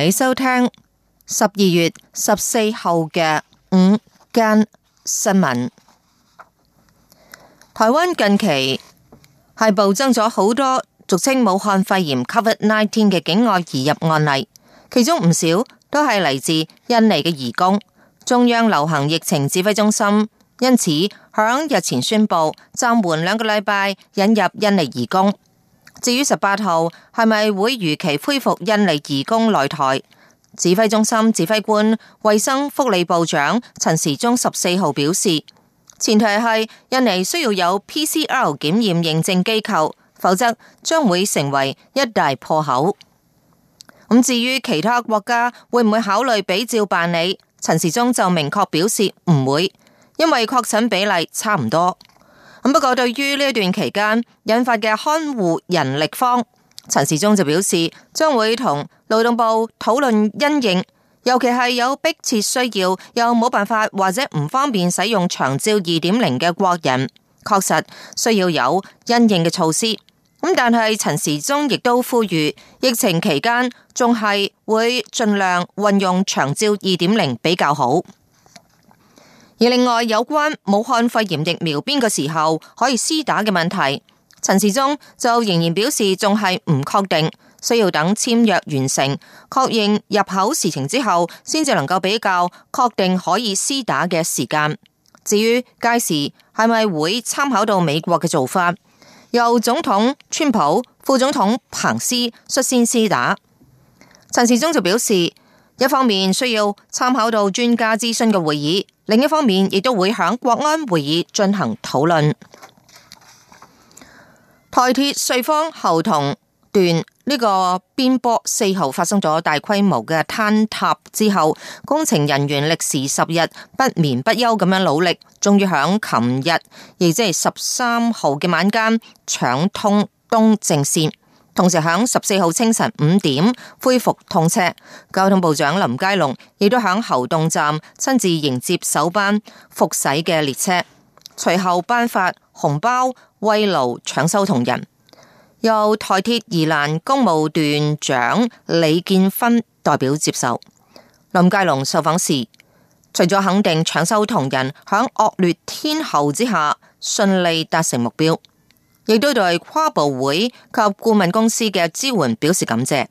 你收聽十二月十四號嘅午間新聞。台灣近期係暴增咗好多俗稱武漢肺炎 Covid nineteen 嘅境外移入案例，其中唔少都係嚟自印尼嘅移工。中央流行疫情指揮中心因此響日前宣布暫緩兩個禮拜引入印尼移工。至於十八號係咪會如期恢復印尼移工來台，指揮中心指揮官、衛生福利部長陳時中十四號表示，前提係印尼需要有 PCR 檢驗認證機構，否則將會成為一大破口。咁至於其他國家會唔會考慮比照辦理，陳時中就明確表示唔會，因為確診比例差唔多。咁不過，對於呢一段期間引發嘅看護人力荒，陳時中就表示，將會同勞動部討論因應，尤其係有迫切需要又冇辦法或者唔方便使用長照二點零嘅國人，確實需要有因應嘅措施。咁但係陳時中亦都呼籲，疫情期間仲係會盡量運用長照二點零比較好。而另外有關武漢肺炎疫苗邊個時候可以施打嘅問題，陳時中就仍然表示仲係唔確定，需要等簽約完成、確認入口事情之後，先至能夠比較確定可以施打嘅時間。至於屆時係咪會參考到美國嘅做法，由總統川普、副總統彭斯率先施打，陳時中就表示，一方面需要參考到專家諮詢嘅會議，另一方面亦都會響國安會議進行討論。台鐵瑞芳猴硐段呢、這個邊坡四號發生咗大規模嘅坍塌之後，工程人員歷時十日不眠不休咁樣努力，終於響琴日，亦即係十三號嘅晚間搶通東正線。同時喺十四號清晨五點恢復通車，交通部長林佳龍亦都喺猴硐站親自迎接首班復駛嘅列車，隨後頒發紅包慰勞搶修同仁，由台鐵宜蘭公務段長李建芬代表接受。林佳龍受訪時，除咗肯定搶修同仁喺惡劣天候之下順利達成目標，亦都對跨部會及顧問公司嘅支援表示感謝，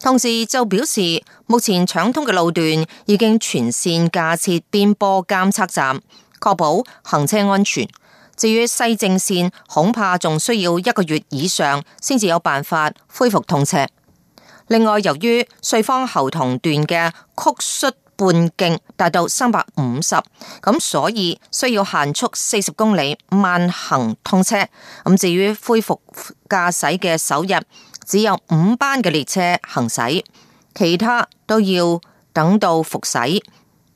同時就表示目前搶通嘅路段已經全線架設邊坡監測站，確保行車安全。至於西正線，恐怕仲需要一個月以上先至有辦法恢復通車。另外，由於瑞芳猴硐段嘅曲率。半徑達到三百五十，咁所以需要限速四十公里慢行通車。咁至於恢復駕駛嘅首日，只有五班嘅列車行駛，其他都要等到復駛。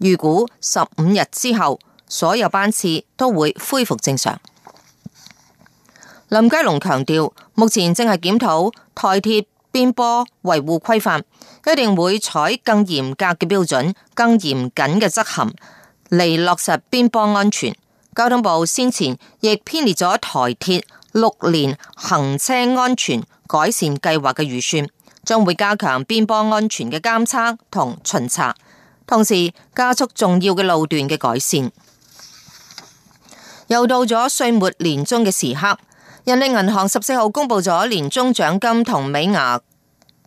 預估十五日之後，所有班次都會恢復正常。林佳龍強調，目前正係檢討台鐵。邊坡維護規範一定會採更嚴格嘅標準，更嚴謹嘅執行嚟落實邊坡安全。交通部先前亦編列咗台鐵六年行車安全改善計劃嘅預算，將會加強邊坡安全嘅監測同巡查，同時加速重要嘅路段嘅改善。又到咗歲末年終嘅時刻。人力銀行十四號公布咗年終獎金同美牙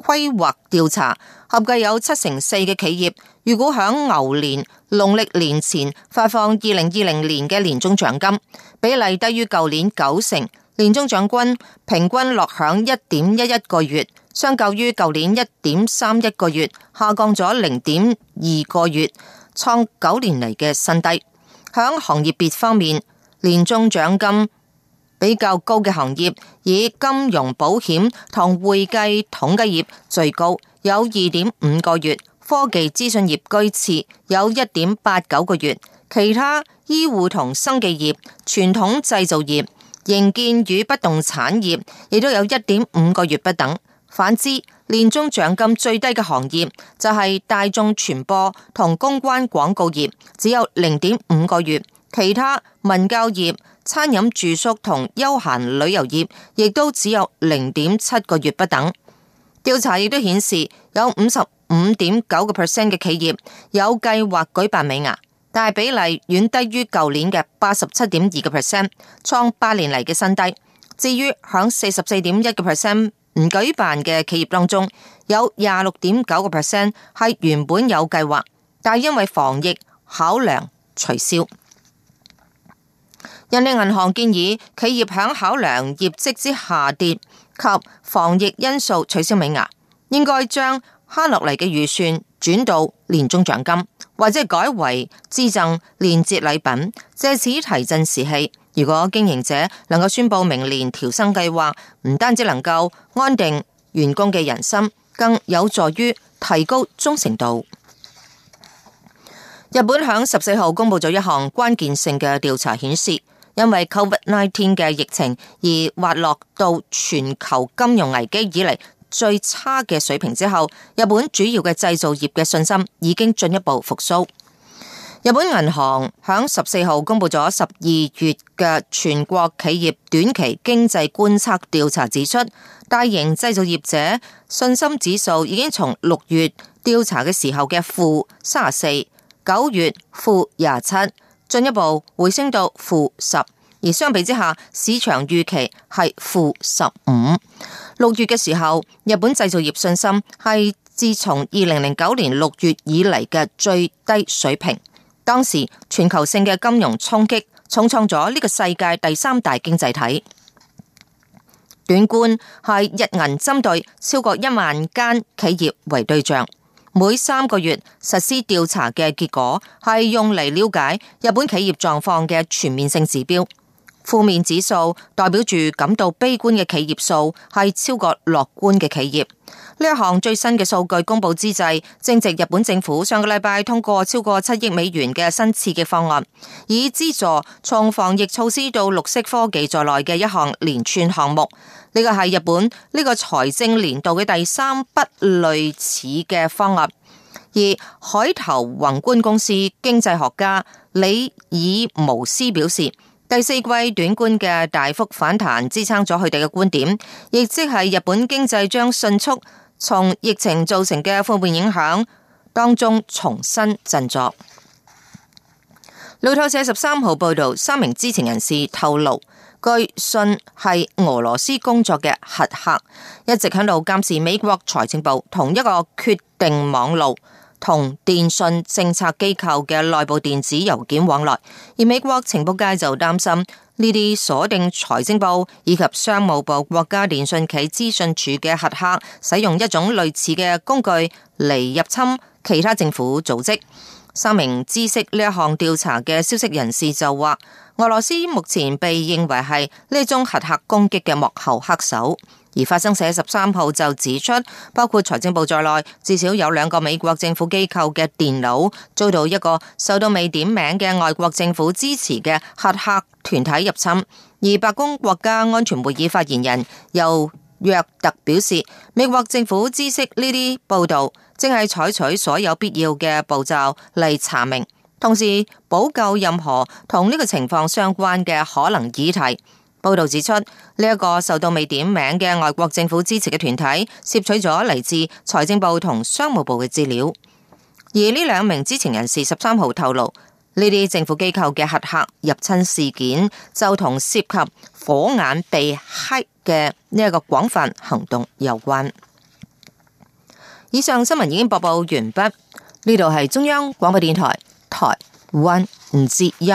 規劃調查，合計有七成四嘅企業，預估響牛年農曆年前發放二零二零年嘅年終獎金，比例低於舊年九成。年終獎金平均落響一點一一個月，相較於舊年一點三一個月，下降咗零點二個月，創九年嚟嘅新低。響行業別方面，年終獎金比較高嘅行業以金融保險同會計統計業最高，有二點五個月；科技資訊業居次，有一點八九個月；其他醫護同生技業、傳統製造業、營建與不動產業，亦都有一點五個月不等。反之，年終獎金最低嘅行業就係大眾傳播同公關廣告業，只有零點五個月；其他文教業。餐飲住宿同休閒旅遊業亦都只有零點七個月不等調。調查亦都顯示，有五十五點九個 percent 嘅企業有計劃舉辦尾牙，但係比例遠低於舊年嘅八十七點二個 percent，創八年嚟嘅新低至於。至於響四十四點一個 percent 唔舉辦嘅企業當中有，有廿六點九個 percent 係原本有計劃，但係因為防疫考量取消。人力銀行建議企業響考量業績之下跌及防疫因素取消尾牙，應該將慳落嚟嘅預算轉到年終獎金，或者改為致贈年節禮品，借此提振士氣。如果經營者能夠宣布明年調薪計劃，唔單止能夠安定員工嘅人心，更有助於提高忠誠度。日本響十四號公布咗一項關鍵性嘅調查顯示，因為 COVID-19 嘅疫情而滑落到全球金融危機以嚟最差嘅水平之後，日本主要嘅製造業嘅信心已經進一步復蘇。日本銀行響十四號公布咗十二月嘅全國企業短期經濟觀測調查，指出大型製造業者信心指數已經從六月調查嘅時候嘅負三十四，九月負廿七。進一步回升到負十，10，而相比之下，市場預期係負十五。六月嘅時候，日本製造業信心係自從二零零九年六月以嚟嘅最低水平。當時全球性嘅金融衝擊重創咗呢個世界第三大經濟體。短觀係日銀針對超過一萬間企業為對象。每三個月實施調查嘅結果，係用嚟了解日本企業狀況嘅全面性指標。負面指數代表住感到悲觀嘅企業數係超過樂觀嘅企業。呢一項最新嘅數據公布之際，正值日本政府上個禮拜通過超過七億美元嘅新刺激方案，以資助從防疫措施到綠色科技在內嘅一項連串項目。呢個係日本呢個財政年度嘅第三筆類似嘅方案。而海頭宏觀公司經濟學家李爾無私表示，第四季短觀嘅大幅反彈支撐咗佢哋嘅觀點，亦即係日本經濟將迅速從疫情造成嘅負面影響當中重新振作。路透社十三號報道，三名知情人士透露，據信係俄羅斯工作嘅黑客，一直喺度監視美國財政部同一個決定網路。同電信政策機構嘅內部電子郵件往來，而美國情報界就擔心呢啲鎖定財政部以及商務部國家電信企資訊處嘅黑客，使用一種類似嘅工具嚟入侵其他政府組織。三名知悉呢一項調查嘅消息人士就話，俄羅斯目前被認為係呢宗黑客攻擊嘅幕後黑手。而發生社十三號就指出，包括財政部在內，至少有兩個美國政府機構嘅電腦遭到一個受到未點名嘅外國政府支持嘅黑客團體入侵。而白宮國家安全會議發言人又。約特表示，美國政府知悉呢啲報道，正係採取所有必要嘅步驟嚟查明，同時補救任何同呢個情況相關嘅可能議題。報道指出，呢一個受到未點名嘅外國政府支持嘅團體，攝取咗嚟自財政部同商務部嘅資料。而呢兩名知情人士十三號透露，呢啲政府機構嘅黑客入侵事件，就同涉及火眼被黑嘅呢一個廣泛行動有關。以上新聞已經播報完畢，呢度係中央廣播電台，台灣吳志英。